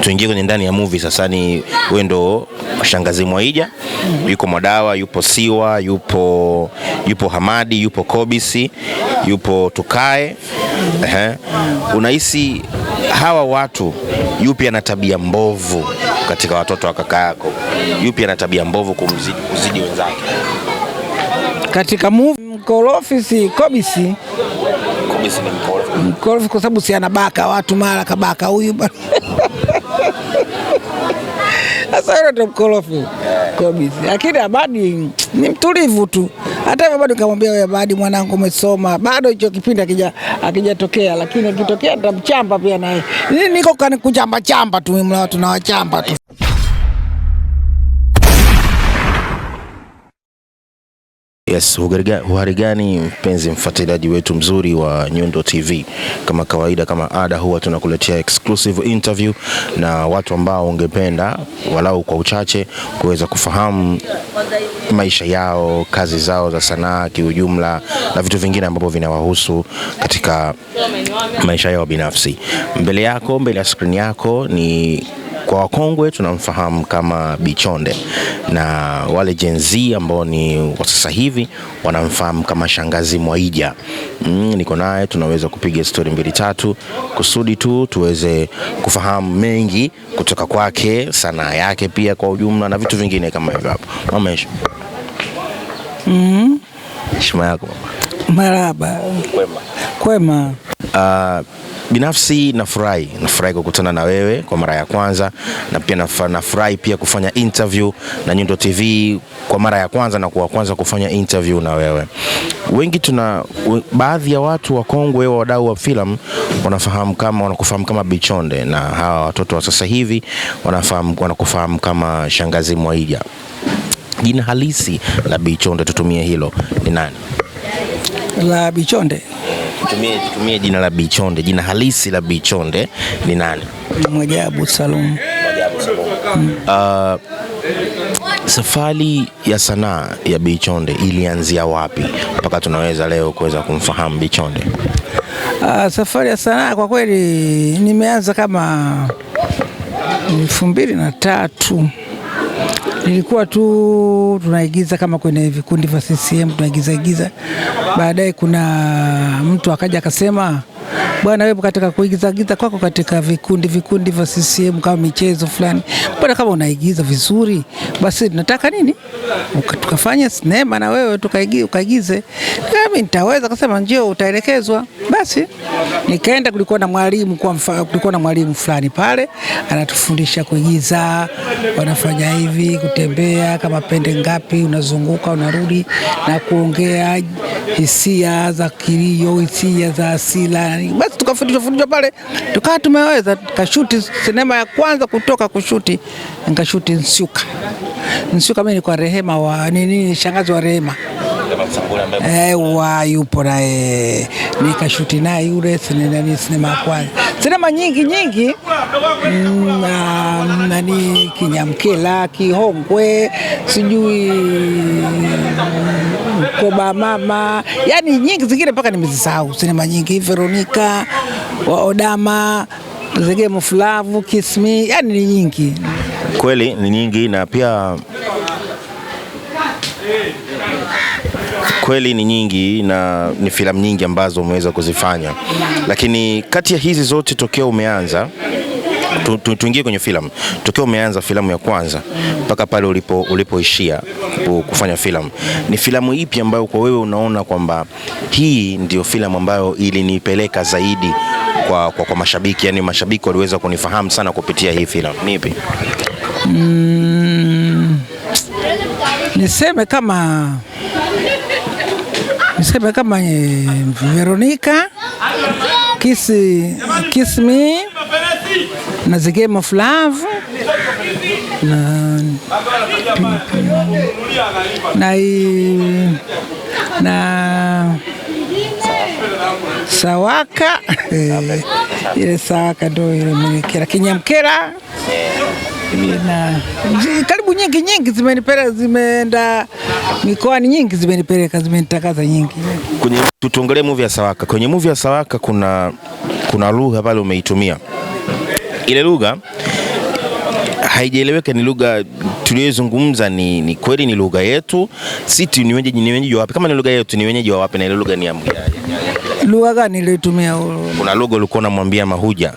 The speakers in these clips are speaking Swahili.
tuingie kwenye ndani ya movie sasa. Ni wewe ndo shangazi Mwaija, yuko Mwadawa, yupo Siwa, yupo yupo Hamadi, yupo Kobisi, yupo Tukae. Ehe, unahisi hawa watu, yupi ana tabia mbovu katika watoto wa kaka yako? Yupi ana tabia mbovu kumzidi kuzidi wenzake katika movie? Mkorofi si Kobisi mkorofi kwa sababu si anabaka watu mara kabaka huyu bwana Sasa yule ndo mkorofi kabisa, lakini Abadi ni mtulivu tu. Hata hivyo bado nikamwambia wewe, Abadi mwanangu, umesoma bado, hicho kipindi akija akijatokea, lakini akitokea nitamchamba pia naye. Niko kanikuchamba chamba tu, mimi tunawachamba tu. Yes, uhari gani mpenzi mfuatiliaji wetu mzuri wa Nyundo TV. Kama kawaida, kama ada, huwa tunakuletea exclusive interview na watu ambao ungependa walau kwa uchache kuweza kufahamu maisha yao, kazi zao za sanaa kiujumla, na vitu vingine ambavyo vinawahusu katika maisha yao binafsi. Mbele yako, mbele ya skrini yako ni kwa wakongwe tunamfahamu kama Bichonde na wale Gen Z ambao ni wa sasa hivi wanamfahamu kama Shangazi Mwaija. Mm, niko naye tunaweza kupiga stori mbili tatu kusudi tu tuweze kufahamu mengi kutoka kwake, sanaa yake pia kwa ujumla na vitu vingine kama hivyo. Hapo mama Esha, mm-hmm. heshima yako mama. Maraba. Kwema. Kwema. Uh, binafsi nafurahi, nafurahi kukutana na wewe kwa mara ya kwanza, na pia nafurahi pia kufanya interview na Nyundo TV kwa mara ya kwanza na kwa kwanza kufanya interview na wewe. Wengi tuna we, baadhi ya watu wakongwe wa wadau wa filamu wanafahamu kama wanakufahamu kama Bichonde, na hawa watoto wa sasa hivi wanafahamu wanakufahamu kama Shangazi mwaija Jina halisi la Bichonde, tutumie hilo, ni nani? La Bichonde tumie tumie jina la Bichonde, jina halisi la Bichonde ni nani? Mwajabu Salum. Mwajabu Salum. Mm. Uh, safari ya sanaa ya Bichonde ilianzia wapi mpaka tunaweza leo kuweza kumfahamu Bichonde? Uh, safari ya sanaa kwa kweli nimeanza kama elfu mbili na tatu nilikuwa tu tunaigiza kama kwenye vikundi vya CCM tunaigiza igiza. Baadaye kuna mtu akaja akasema bwana, wewe katika kuigizagiza kwako katika vikundi vikundi vya CCM kama michezo fulani, bwana, kama unaigiza vizuri, basi tunataka nini, tukafanya sinema na wewe tukaigize. Mimi nitaweza, kusema njoo, utaelekezwa. Basi nikaenda, kulikuwa na mwalimu kwa mfano, kulikuwa na mwalimu fulani pale anatufundisha kuigiza, wanafanya hivi, kutembea kama pende ngapi, unazunguka unarudi, na kuongea hisia za kilio, hisia za asila hii. Yaani, basi tukafundishwa fundishwa pale, tukawa tumeweza kashuti sinema ya kwanza kutoka kushuti, nikashuti Nsuka. Nsuka mimi ni kwa Rehema wa nini, shangazi wa Rehema. Ewa, yupo naye nikashuti naye yule sinani, sinema ya kwanza, sinema nyingi nyingi, na mm, um, nani, Kinyamkela, Kihongwe, sijui Koba Mama, yani nyingi zingine mpaka nimezisahau sinema nyingi, Veronika Waodama, Zegee Mfulavu, Kismi, yani ni nyingi kweli, ni nyingi na pia kweli ni nyingi na ni filamu nyingi ambazo umeweza kuzifanya, lakini kati ya hizi zote tokea umeanza tu, tu, tuingie kwenye filamu tokea umeanza filamu ya kwanza mpaka pale ulipo ulipoishia kufanya filamu, ni filamu ipi ambayo kwa wewe unaona kwamba hii ndio filamu ambayo ilinipeleka zaidi kwa, kwa, kwa mashabiki, yani mashabiki waliweza kunifahamu sana kupitia hii filamu ni ipi? Mm, niseme kama niseme kama Veronica Kiss, Kiss Me na The Game of Love na, na, na, na sawaka eh, ile sawaka ndo ile mwenyekera kinyamkera na karibu nyingi nyingi zimenipeleka zimeenda mikoani nyingi zimenipeleka zimenitakaza nyingi. Kwenye tutuongelee movie ya Sawaka, kwenye movie ya Sawaka kuna, kuna lugha pale umeitumia ile lugha haijaeleweka ni lugha tuliyozungumza, ni, ni kweli ni lugha yetu, si ni wenyeji wapi? Kama ni lugha yetu ni wenyeji wa wapi, na ile lugha ni ya mgeni Lugha gani iliyotumia? Kuna lugha ulikuwa unamwambia Mahuja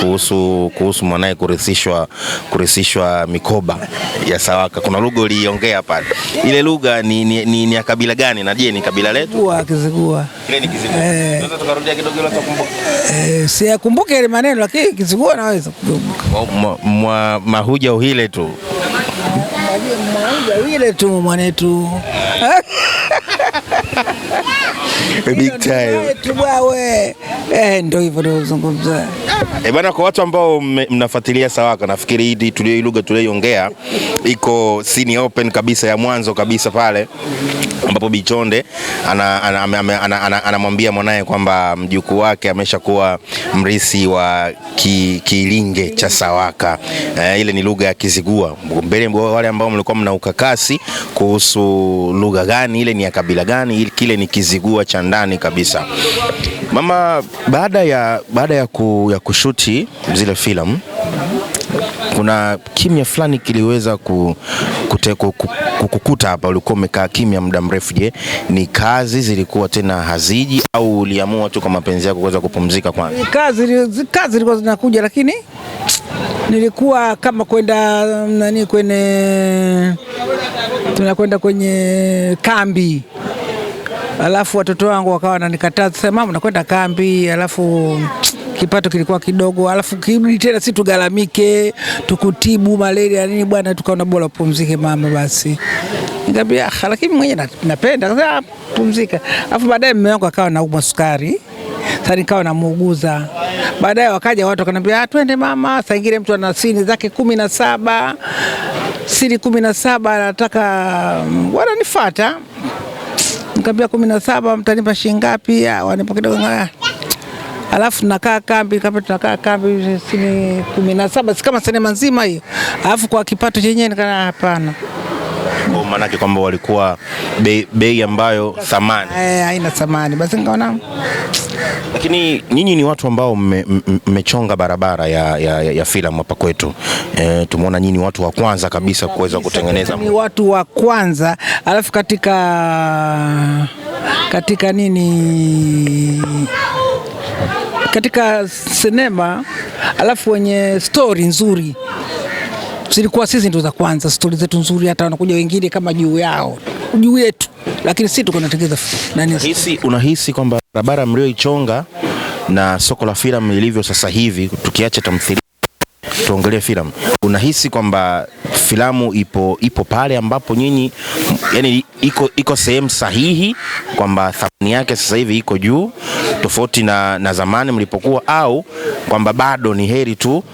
kuhusu kuhusu mwanaye kurisishwa kurisishwa mikoba ya Sawaka. Kuna lugha uliiongea pale, ile lugha ni, ni, ni, ni ya kabila gani? Na je ni kabila letu? Kizigua. ni Kizigua. Tunaweza eh. tukarudia kidogo ili tukumbuke. Eh, ile maneno lakini Kizigua naweza kukumbuka. Mahuja uhile tu. Mahuja uhile tu mwanetu. Eh big time Eh, ndio hivyo zungumza. Eh, bwana, kwa watu ambao mnafuatilia Sawaka, nafikiri hii tulio lugha tulioiongea iko scene open kabisa ya mwanzo kabisa pale ambapo Bichonde anamwambia ana, ana, ana, ana, ana mwanaye kwamba mjukuu wake ameshakuwa mrisi wa ki, kilinge cha Sawaka. Eh, ile ni lugha ya Kizigua. Mbele wale ambao mlikuwa mna ukakasi kuhusu lugha gani ile ni ya kabila gani, kile ni Kizigua cha kabisa, ndani kabisa. Mama, baada ya, baada ya, ku, ya kushuti zile filamu kuna kimya fulani kiliweza kukukuta hapa, ulikuwa umekaa kimya muda mrefu. Je, ni kazi zilikuwa tena haziji au uliamua tu kwa mapenzi yako kuweza kupumzika? Kwanza kazi kazi zilikuwa zinakuja, lakini nilikuwa kama kwenda nani, kwenye tunakwenda kwenye kambi alafu watoto wangu wakawa wananikataa sasa, mama nakwenda kambi, alafu kipato kilikuwa kidogo, alafu kirudi tena si tugalamike tukutibu malaria nini bwana, tukaona bora upumzike mama. Basi ah, lakini mwenye napenda sasa, ah, pumzika. Alafu baadaye mume wangu akawa anaumwa sukari sasa nikawa namuuguza. Baadaye wakaja watu ah, twende mama. Saa ingine mtu ana sini zake kumi na saba sini kumi na saba anataka mm, wananifata Nikamwambia kumi na saba, mtanipa shilingi ngapi? Ah, wanipa kidogo. Alafu nakaa kambi kama tunakaa kambi sini kumi na saba, si kama sinema nzima hiyo. Alafu kwa kipato chenyewe nikana ah, hapana kwa maana yake kwamba walikuwa bei be ambayo thamani eh, haina thamani, basi nikaona. Lakini nyinyi ni watu ambao mmechonga barabara ya, ya, ya filamu hapa kwetu e, tumeona nyinyi watu wa kwanza kabisa kuweza kutengeneza, ni watu wa kwanza alafu katika katika nini katika sinema alafu wenye stori nzuri zilikuwa sisi ndo za kwanza, stori zetu nzuri, hata wanakuja wengine kama juu yao juu yetu, lakini sisi tuko natengeza nani. Hisi unahisi kwamba barabara mlioichonga na soko la filamu lilivyo sasa hivi, tukiacha tamthilia tuongelee filamu, unahisi kwamba filamu ipo ipo pale ambapo nyinyi yani, iko, iko sehemu sahihi kwamba thamani yake sasa hivi iko juu tofauti na, na zamani mlipokuwa, au kwamba bado ni heri tu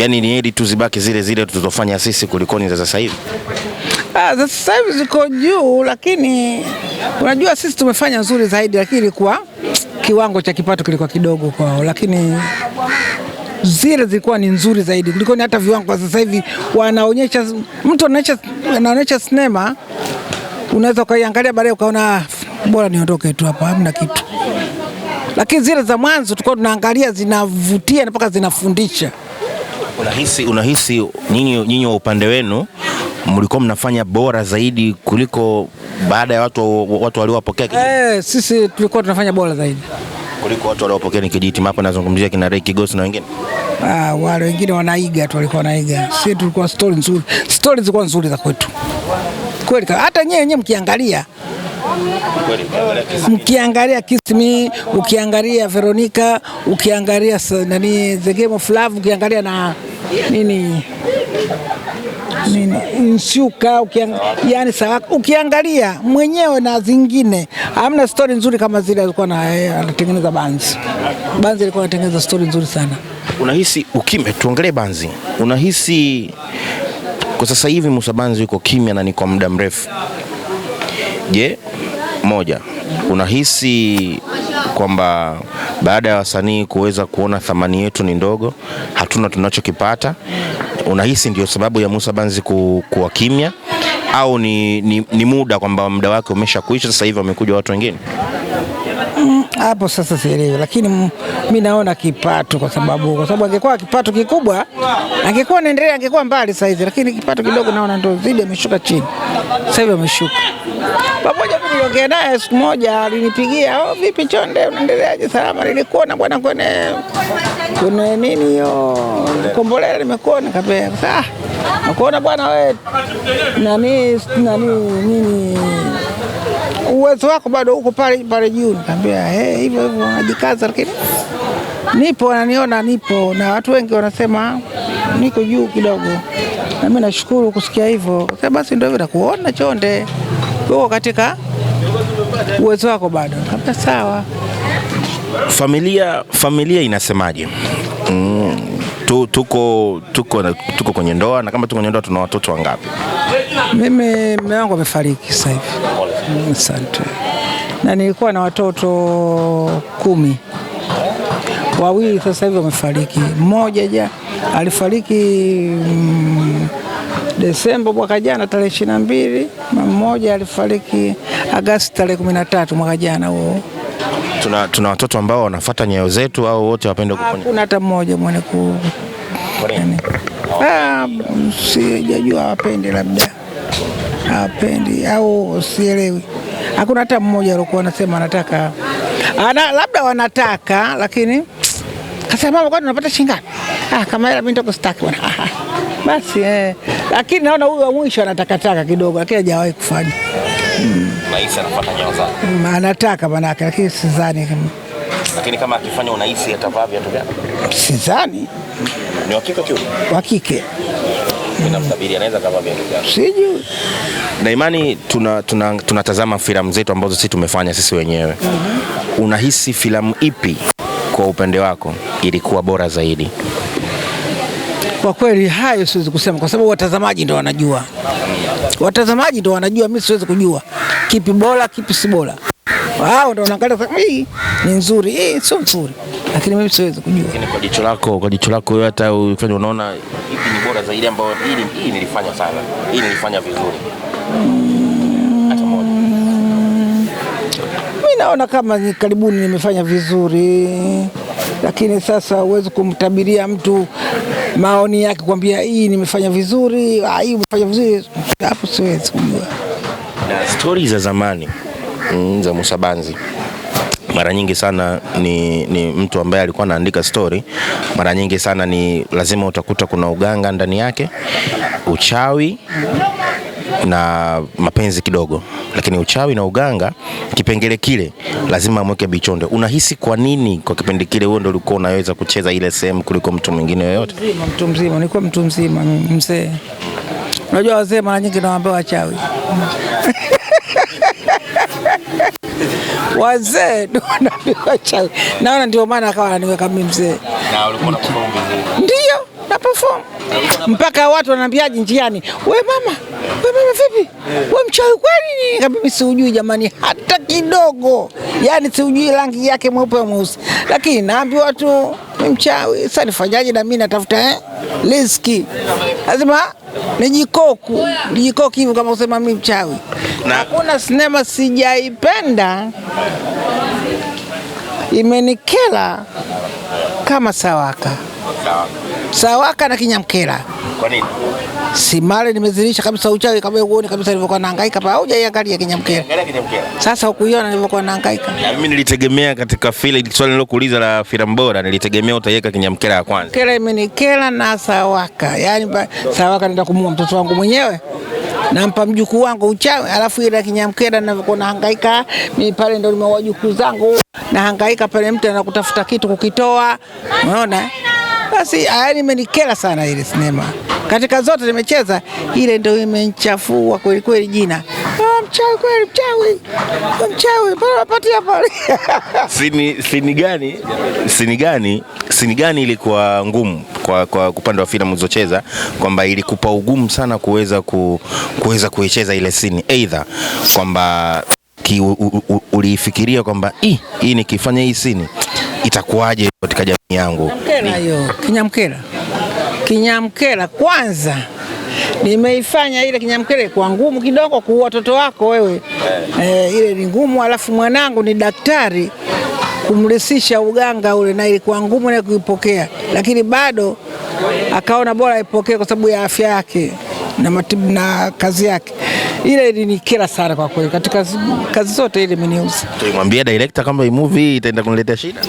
yani ni heri tu zibaki zile zile tulizofanya sisi kulikoni za sasa hivi. Ah, za sasa hivi ziko juu, lakini unajua sisi tumefanya nzuri zaidi, lakini ilikuwa kiwango cha kipato kilikuwa kidogo kwao, lakini zile zilikuwa ni nzuri zaidi kuliko hata viwango kwa sasa hivi. Wanaonyesha mtu anaonyesha anaonyesha sinema, unaweza ukaiangalia baadaye ukaona ah, bora niondoke tu hapa, hamna kitu. Lakini zile za mwanzo tulikuwa tunaangalia zinavutia mpaka zinafundisha. Unahisi, unahisi nyinyi nyinyi wa upande wenu mlikuwa mnafanya bora zaidi kuliko baada ya watu, watu waliowapokea? Eh, sisi tulikuwa tunafanya bora zaidi kuliko watu waliopokea kijiti mapo. Nazungumzia kina Ray Kigosi na wengine ah, wale wengine wanaiga tu, walikuwa wanaiga. Sisi tulikuwa story nzuri, story zilikuwa nzuri za kwetu kweli, hata nyewe nyewe mkiangalia Ukiangalia Kiss Me, ukiangalia Veronica, ukiangalia nani The Game of Love, ukiangalia na nini Nshuka ukiangalia, yani sawa, ukiangalia mwenyewe na zingine, hamna stori nzuri kama zile alikuwa eh, anatengeneza Banzi. Banzi alikuwa anatengeneza stori nzuri sana. Unahisi ukime, tuongelee Banzi, unahisi kwa sasa hivi Musa Banzi yuko kimya na ni kwa muda mrefu Je, moja, unahisi kwamba baada ya wasanii kuweza kuona thamani yetu ni ndogo, hatuna tunachokipata, unahisi ndio sababu ya Musa Banzi ku, kuwa kimya au ni, ni, ni muda kwamba muda wake umesha kuisha, sasa hivi wamekuja watu wengine? hapo sasa sielewi, lakini mi naona kipato, kwa sababu kwa sababu angekuwa kipato kikubwa angekuwa anaendelea, angekuwa mbali saa hizi, lakini kipato kidogo naona ndo zidi ameshuka chini, sasa hivi ameshuka. Pamoja niliongea naye siku moja, alinipigia oh, vipi Chonde, unaendeleaje? Salama, nilikuona bwana kwenye kwenye nini hiyo Kombolela, nimekuona kabisa, ah, nakuona bwana wewe nani nani nini uwezo wako bado huko pale pale juu. Nikamwambia hey, eh, hivyo hivyo najikaza, lakini nipo, wananiona nipo, na watu wengi wanasema niko juu kidogo, na mimi nashukuru kusikia hivyo. Sasa basi ndio hivyo, nakuona chonde, uko katika uwezo wako bado. Nikamwambia sawa. Familia, familia inasemaje? mm. Tu, tuko, tuko, tuko kwenye ndoa na kama tuko kwenye ndoa tuna watoto wangapi? Mimi mume wangu amefariki sasa hivi. Asante. Na nilikuwa na watoto kumi, wawili sasa hivi wamefariki, mmoja ja alifariki mm, Desemba mwaka jana tarehe ishirini na mbili na mmoja alifariki Agasti tarehe kumi na tatu mwaka jana huo. Tuna, tuna watoto ambao wanafuata nyayo zetu au wote wapende kuponya? Hakuna hata mmoja mwenye ku yaani, ah, sijajua wapende labda hapendi au sielewi. Hakuna hata mmoja alikuwa anasema anataka ana, labda wanataka, lakini kasema mama, kwani unapata shingani? Ah, kama hela mimi ndio sitaki bwana. Ah, ah. basi eh, lakini naona huyu wa mwisho anatakataka kidogo, lakini hajawahi kufanya mm. Unahisi anapata nyao zake hmm, anataka manake, lakini sidhani lakini kama akifanya unahisi atavaa viatu gani? Sidhani. Ni wa kike tu. Wa kike. Namtabiri anaweza kama sijui daimani, tunatazama tuna, tuna filamu zetu ambazo sisi tumefanya sisi wenyewe mm -hmm. Unahisi filamu ipi kwa upande wako ilikuwa bora zaidi? Kwa kweli hayo siwezi kusema kwa sababu watazamaji ndo wanajua, watazamaji ndo wanajua, mi siwezi kujua kipi bora kipi si bora wao ndio wanaangalia sasa, hii ni nzuri, hii sio nzuri, lakini mimi siwezi kujua. Lakini kwa jicho lako, kwa jicho lako wewe, hata ukifanya unaona ipi ni bora zaidi, ambayo hii hii nilifanya sana, hii nilifanya vizuri, hata moja. Mimi naona kama ni karibuni nimefanya vizuri, lakini sasa huwezi kumtabiria mtu maoni yake kwambia hii nimefanya vizuri, ah, hii umefanya vizuri, hapo siwezi kujua. Na stori za zamani Mm, za Musa Banzi mara nyingi sana ni, ni mtu ambaye alikuwa anaandika stori. Mara nyingi sana ni lazima utakuta kuna uganga ndani yake, uchawi na mapenzi kidogo, lakini uchawi na uganga, kipengele kile lazima amweke Bichonde. Unahisi kwa nini kwa kipindi kile wewe ndio ulikuwa unaweza kucheza ile sehemu kuliko mtu mwingine yoyote? Mtu mzima, nilikuwa mtu mzima mzee. Unajua wazee mara nyingi nawaambia wachawi wazee ndio naona, ndio maana akawa ananiweka mimi mzee, ndio na perform mpaka watu wananiambiaje njiani, we mama, we mama vipi, we mchawi kweli? Mimi siujui jamani, hata kidogo, yani siujui rangi yake mweupe au mweusi, lakini naambiwa tu mchawi. Sasa nifanyaje? Na mimi natafuta eh, riziki lazima nijikoku jikoku hivyo, kama usema mimi mchawi. Hakuna sinema sijaipenda imenikela kama Sawaka. Sawaka na Kinyamkela. Kwa nini? Si Simale nimezilisha kabisa uchawi kama uone kabisa nilivyokuwa nahangaika pa hujaiangalia Kinyamkela. Angalia Kinyamkela. Sasa ukuiona nilivyokuwa nahangaika. Na mimi nilitegemea katika file swali nilokuuliza la filamu bora nilitegemea utaiweka Kinyamkela ya kwanza. Kela imenikela na Sawaka. Yaani Sawaka nenda kumua mtoto wangu mwenyewe. Nampa mjukuu wangu uchawi alafu ile Kinyamkela ninavyokuwa nahangaika mimi pale ndio nimewajukuu zangu nahangaika pale mtu anakutafuta kitu kukitoa. Unaona? Basi yaani imenikera sana ile sinema, katika zote nimecheza, ile ndio imenichafua kweli kweli jina ah, mchawi kweli, mchawi ah, mchawi, patia pale. Sini sini gani sini gani sini gani ilikuwa ngumu kwa, kwa upande wa filamu ulizocheza, kwamba ilikupa ugumu sana kuweza ku, kuweza kuicheza ile sini, aidha kwamba uliifikiria kwamba hii nikifanya hii sini itakuwaje katika jamii yangu? Kinyamkela, kinyamkela kwanza nimeifanya ile kinyamkela kwa ngumu kidogo, kuua watoto wako wewe e, ile ni ngumu. Alafu mwanangu ni daktari, kumlisisha uganga ule na ilikuwa ngumu na kuipokea, lakini bado akaona bora aipokee kwa sababu ya afya yake na matibabu na kazi yake ile ilinikera sana kwa kweli, katika kazi zote ile imeniuza. Tulimwambia director kama hii movie itaenda kuniletea shida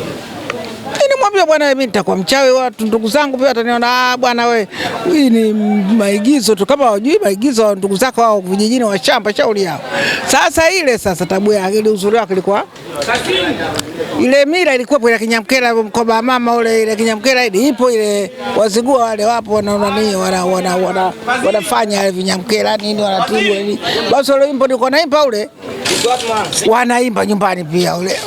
Labda bwana, mimi nitakuwa mchawi, watu ndugu zangu pia wataniona, ah, bwana we, hii ni maigizo tu. Kama hujui maigizo, ndugu zako hao vijijini wa shamba shauri yao. Sasa ile sasa tabu ya ile uzuri wake ilikuwa ile mira ilikuwa ile kinyamkela mkoba mama ule ile kinyamkela ile ipo ile wazigua wale wapo wanaona nani wana wana wanafanya wana, wana ile vinyamkela nini wanatibu nini. Basi ile ipo niko naipa ule wanaimba nyumbani pia ule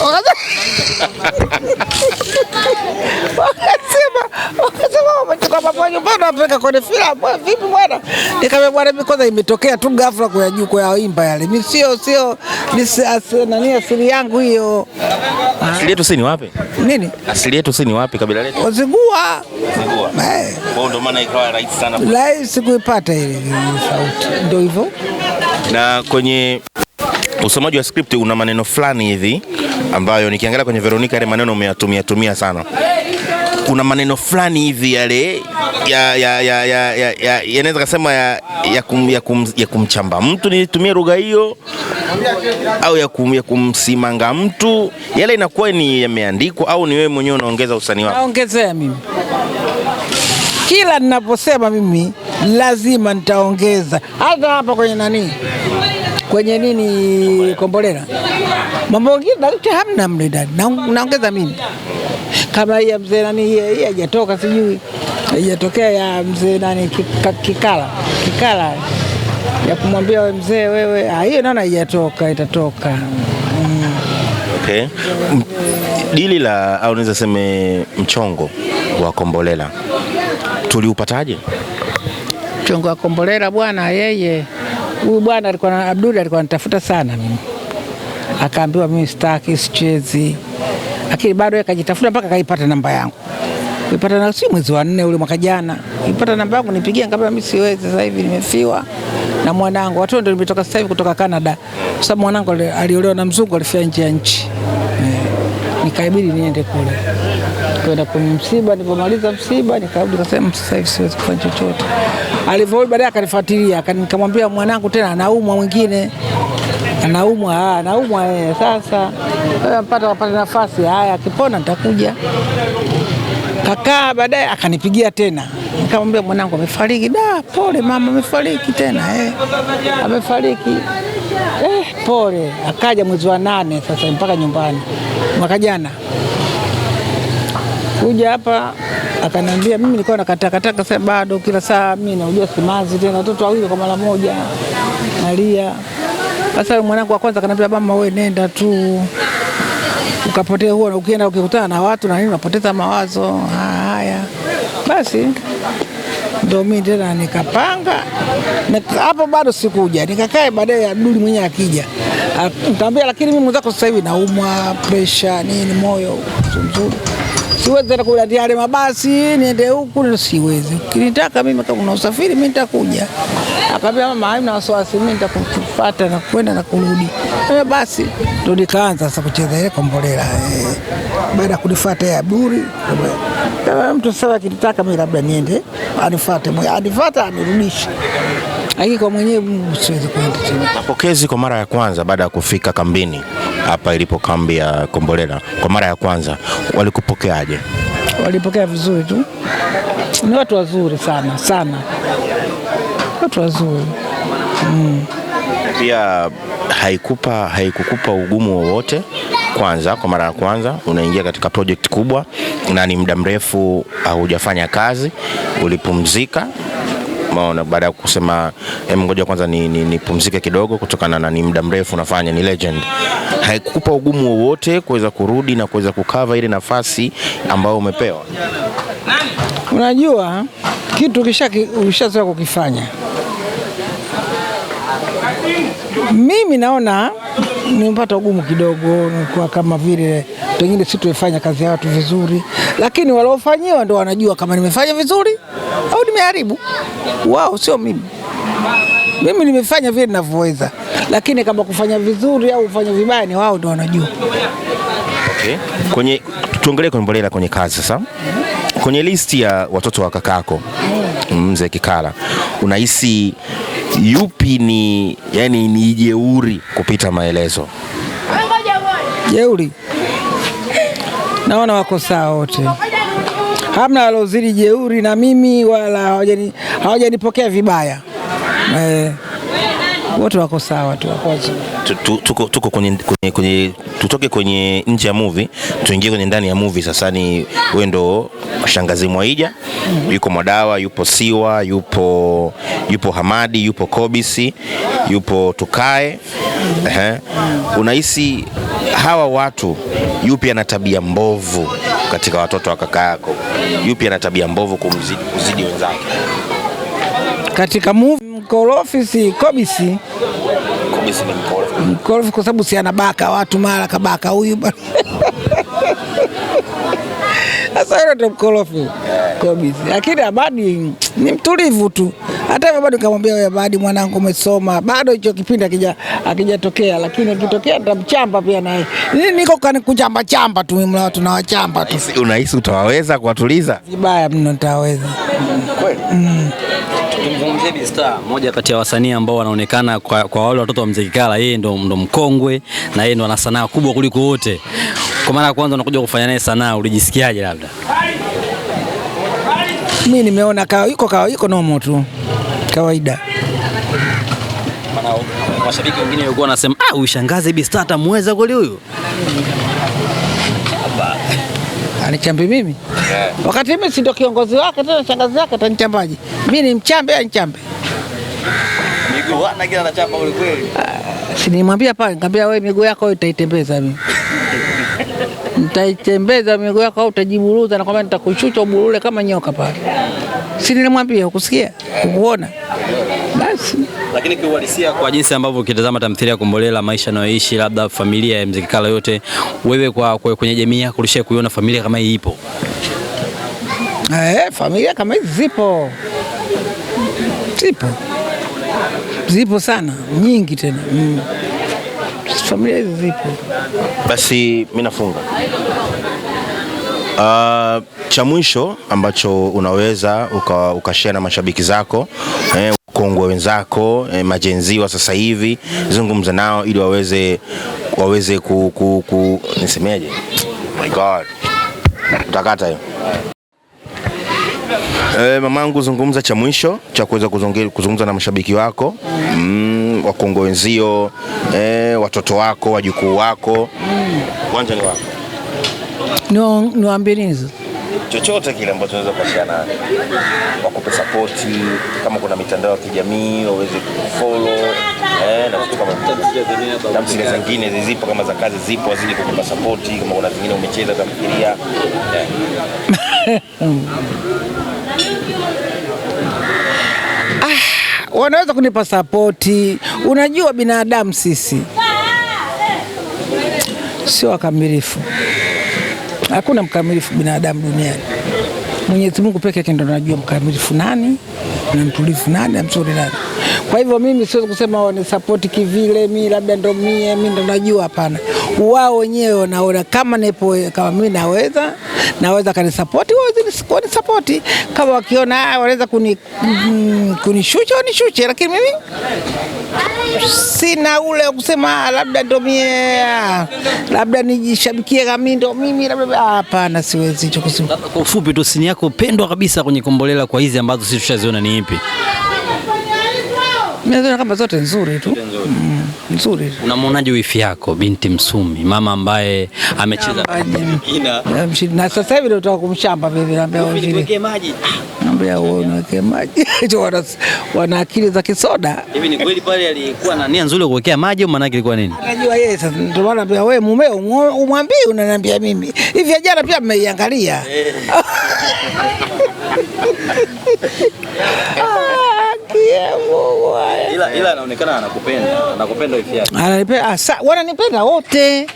wakasema wakasema wametoka pamoja nyumbani wapeleka kwenye filamu. Vipi bwana? Nikamwambia bwana, mimi kwanza imetokea tu ghafla kwa juu kwa imba yale, mimi sio sio nani, asili yangu hiyo. Asili yetu si ni wapi? Nini? Asili yetu si ni wapi? Kabila letu Wazigua. Wazigua. Eh. Kwa ndio maana ikawa rahisi sana, rahisi kuipata ile sauti, ndio hivyo. Na kwenye Usomaji wa script una maneno fulani hivi ambayo nikiangalia kwenye Veronica yale maneno umeyatumia tumia sana. Kuna maneno fulani hivi yale ya ya ya ya ya, ya, naweza kusema ya ya, kum, ya, kum, ya kumchamba mtu nilitumia lugha hiyo au ya, kum, ya kumsimanga mtu yale inakuwa ni yameandikwa au ni wewe mwenyewe unaongeza usanii wako? Naongezea mimi kila ninaposema mimi lazima nitaongeza hata hapa kwenye nani kwenye nini Kombolela, mambo mengine Daudi hamna mle ndani. Naongeza mimi kama hii ya mzee nani, hii haijatoka, sijui haijatokea ya mzee nani Kikala, Kikala ya kumwambia we mzee wewe, ah, hiyo naona haijatoka, itatoka mm. Okay. Dili la au naweza seme mchongo wa Kombolela tuliupataje? Mchongo wa Kombolela bwana, yeye huyu bwana alikuwa na Abdul alikuwa anitafuta sana mimi, akaambiwa mimi sitaki, sichezi, lakini bado akajitafuta mpaka akaipata namba yangu ipata na si mwezi wa nne ule mwaka jana, ipata namba yangu nipigia, ngapi mimi siwezi, sasa hivi nimefiwa na mwanangu, Watu ndio nimetoka sasa hivi kutoka Canada, kwa sababu mwanangu aliolewa na mzungu, alifia nje ya nchi eh, nikaibidi niende kule kwenda kwenye msiba. Nilipomaliza msiba nikarudi, nikasema sasa hivi siwezi kufanya chochote. Alivyorudi baadaye akanifuatilia, nikamwambia mwanangu tena anaumwa, mwingine anaumwa, ah, anaumwa yeye. Eh, sasa eh, mpata apate nafasi, haya akipona nitakuja kakaa. Baadaye akanipigia tena, nikamwambia mwanangu amefariki. Da, pole mama, amefariki tena eh, amefariki eh, pole. Akaja mwezi wa nane sasa mpaka nyumbani mwaka jana kuja hapa akaniambia, mimi nilikuwa nakatakataka sasa, bado kila saa mimi naujua simazi tena, watoto wawili kwa mara moja nalia. Sasa mwanangu wa kwanza akaniambia, mama wewe nenda tu ukapotea, huo ukienda ukikutana na watu na nini unapoteza mawazo haya. Basi ndo mimi tena nikapanga hapo, bado sikuja, nikakae. Baadaye duli mwenyewe akija nitamwambia, lakini mimi mwenzako sasa hivi naumwa presha nini, moyo mzuri siwezi tena kudandiane mabasi niende huku, siwezi. Ukinitaka mimi kama una usafiri mimi nitakuja. Akaambia mama, haina wasiwasi, mimi nitakufuata na kwenda na kurudi. Eh, basi ndo nikaanza sasa kucheza ile kombolela. Eh, baada ya kunifuata ya buri, kama mtu sasa akinitaka mimi labda niende anifuate, anifuata anirudishe lakini kwa mwenyewe siwezi kwenda Mapokezi kwa mara ya kwanza baada ya kufika kambini hapa ilipo kambi ya Kombolela kwa mara ya kwanza, walikupokeaje? Walipokea vizuri tu, ni watu wazuri sana sana, watu wazuri mm. Pia haikupa haikukupa ugumu wowote kwanza kwa mara ya kwanza unaingia katika project kubwa na ni muda mrefu haujafanya kazi, ulipumzika Maona baada ya kusema ngoja kwanza nipumzike ni, ni kidogo kutokana na ni muda mrefu nafanya ni legend, haikupa ugumu wowote kuweza kurudi na kuweza kukava ile nafasi ambayo umepewa? Unajua kitu ukishazoea kukifanya, mimi naona nimepata ugumu kidogo, kwa kama vile pengine si tumefanya kazi ya watu vizuri, lakini waliofanyiwa ndo wanajua kama nimefanya vizuri au nimeharibu. Wao sio mimi. Mimi nimefanya vile ninavyoweza, lakini kama kufanya vizuri au kufanya vibaya ni wao ndo wanajua. Okay. Kwenye tuongelee kwenye Mbolela kwenye kazi sasa, kwenye listi ya watoto wa kakako Mzee Kikala, unahisi yupi ni yani ni jeuri kupita maelezo? Jeuri naona wako sawa wote, hamna alozidi jeuri na mimi wala hawajanipokea vibaya eh wote wako sawa tu, wako Tuko tuko kwenye kwenye, tutoke kwenye nje ya movie tuingie kwenye ndani ya movie. Sasa ni wewe ndo shangazi Mwaija, mm -hmm. yuko Mwadawa, yupo Siwa, yupo yupo Hamadi, yupo Kobisi, yupo Tukae. mm -hmm. Unahisi hawa watu, yupi ana tabia mbovu katika watoto wa kaka yako? Yupi ana tabia mbovu kumzidi kuzidi wenzake katika movie? mkorofisi si kobisi, kobisi ni mkorofi. Mkorofi kwa sababu si anabaka watu mara kabaka huyu bwana Sasa ndo mkorofi kobisi, lakini Abadi ni mtulivu tu. Hata hivyo bado kamwambia wewe, Abadi mwanangu, umesoma bado, hicho kipindi akija akijatokea, lakini akitokea nitamchamba pia naye. Niko kani kuchamba chamba tu, mimi watu na wachamba tu. Unahisi utawaweza kuwatuliza? Vibaya mno, nitaweza kweli. Mm. Tumzungumzie Star, mmoja kati ya wasanii ambao wanaonekana kwa, kwa wale watoto wa mziki Kala, yeye ndo, ndo mkongwe na yeye ndo ana sanaa kubwa kuliko wote. Kwa mara ya kwanza unakuja kufanya naye sanaa, ulijisikiaje? Labda mimi nimeona kawa yuko kawa yuko nomo tu kawaida mashabiki wengine walikuwa wanasema ah, ushangaze Bista atamweza kweli huyu anichambi mimi yeah. Wakati mimi si ndo kiongozi wake tena shangazi yake, atanichambaje mimi? Ni mchambe anichambe sinimwambia pale, nikamwambia wewe miguu yako utaitembeza mimi nitaitembeza miguu yako au utajiburuza, na kwamba nitakushusha uburule kama nyoka pale si nilimwambia ukusikia ukuona basi. Lakini kiuhalisia, kwa jinsi ambavyo ukitazama tamthilia ya Kombolela, maisha anayoishi labda familia ya Mzee Kikala yote, wewe kwa, kwa kwenye jamii yako ulishawahi kuiona familia kama hii ipo? Eh, familia kama hizi zipo, zipo, zipo sana nyingi tena mm. Familia hizi zipo. Basi mimi nafunga. Uh, cha mwisho ambacho unaweza ukashare uka na mashabiki zako eh, kongwe wenzako eh, majenzi wa sasa hivi, zungumza nao ili waweze waweze ku, ku, ku nisemeje? Oh my God, utakata hiyo eh, mamangu, zungumza cha mwisho cha kuweza kuzungumza na mashabiki wako mm, wakongwe wenzio eh, watoto wako wajukuu wako, uwanja ni wako niwaambiriza chochote kile ambacho unaweza kuwasiliana wakupe sapoti, kama kuna mitandao ya kijamii waweze kufollow eh, na vitu kama Tamthilia zingine zizipo kama za kazi zipo, wazidi kukupa sapoti. Kama kuna zingine umecheza tamthilia eh. Ah, wanaweza kunipa sapoti. Unajua binadamu sisi sio wakamilifu. Hakuna mkamilifu binadamu duniani. Mwenyezi Mungu peke yake ndo anajua mkamilifu nani na mtulivu nani na mzuri nani. Kwa hivyo mimi siwezi kusema support kivile, mi labda ndo mie mi ndo najua, hapana. Wao wenyewe wanaona kama nipo, kama mimi naweza naweza kanisapoti, wao wanisapoti. Kama wakiona ah, wanaweza mm, kunishusha, kuni lakini mimi sina ule kusema ah, labda ndo mie ah, labda nijishabikie kami ndo mimi labda, ah, hapana, siwezi. Kwa ufupi tu, sini yako pendwa kabisa kwenye Kombolela kwa hizi ambazo sisi tushaziona ni ipi? kama zote nzuri tu mm, nzuri. Unamwonaje wifi yako binti Msumi, mama ambaye amecheza na sasa hivi ndio kumshamba vipi? Niweke maji, naambia wewe niweke maji wana wana akili za kisoda. Hivi ni kweli pale alikuwa na nia nzuri kuwekea maji, maana yake ilikuwa nini? Anajua yeye sasa, ndio maana naambia wewe mumeo umwambie, unaniambia mimi hivi, jana pia mmeiangalia eh. Ila anaonekana ah, wananipenda wote.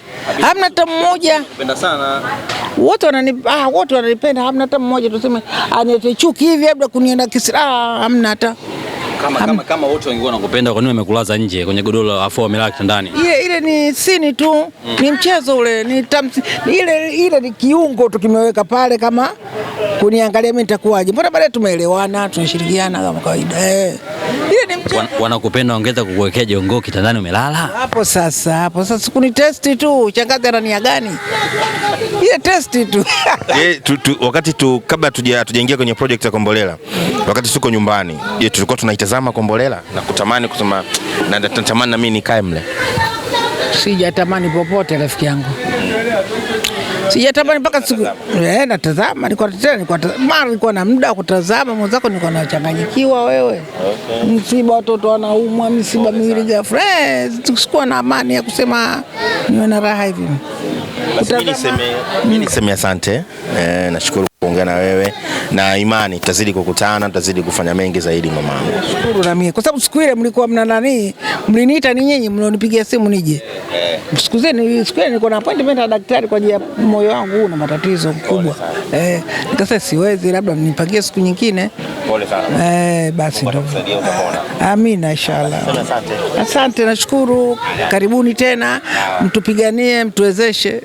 Hamna hata mmoja. sana. Wote wananipenda, ah, wote wananipenda, hamna hata mmoja tuseme aniete ah, chuki hivi labda kunienda kisira, hamna hata kama, kama, kama wote wengine wanakupenda kwa nini wamekulaza nje kwenye godoro afu wamelala kitandani? Ile ile ni sini tu mm. Ni mchezo ule, ni tamsi, ile ile ni kiungo tu kimeweka pale kama kuniangalia mimi nitakuwaje. Mbona baadaye tumeelewana, tunashirikiana kama kawaida. Eh. Ile ni mchezo. Wanakupenda ongeza kukuwekea jongo kitandani umelala. Hapo sasa, hapo sasa kuni testi tu, changaza ndani ya gani? Ile testi tu. Je, tu, tu, wakati tu kabla tujaingia kwenye project ya Kombolela. Wakati tuko nyumbani, je, tulikuwa tunaita ukitazama Kombolela na kutamani kusema na natamani na mimi nikae mle? Sijatamani popote rafiki yangu, sijatamani mpaka siku eh, natazama niko tena niko mara niko na muda wa kutazama mwenzako, na changanyikiwa wewe. Okay. Msiba, watoto wanaumwa, msiba miwili ghafla, eh, sikuwa na amani ya kusema niwe na raha hivi. Mimi niseme asante, eh, nashukuru na wewe na imani, tutazidi kukutana, tutazidi kufanya mengi zaidi mamangu. Shukuru na mimi kwa sababu siku ile mlikuwa mna nani, mliniita ni nyinyi mlionipigia simu nije. Eh. Siku zile siku ile nilikuwa na appointment na daktari kwa ajili ya moyo wangu una matatizo makubwa. Eh, nikasema siwezi, labda mnipangie siku nyingine. Pole sana. Eh, basi ndio. Amina inshallah. Asante, nashukuru. Karibuni tena, ah. mtupiganie, mtuwezeshe.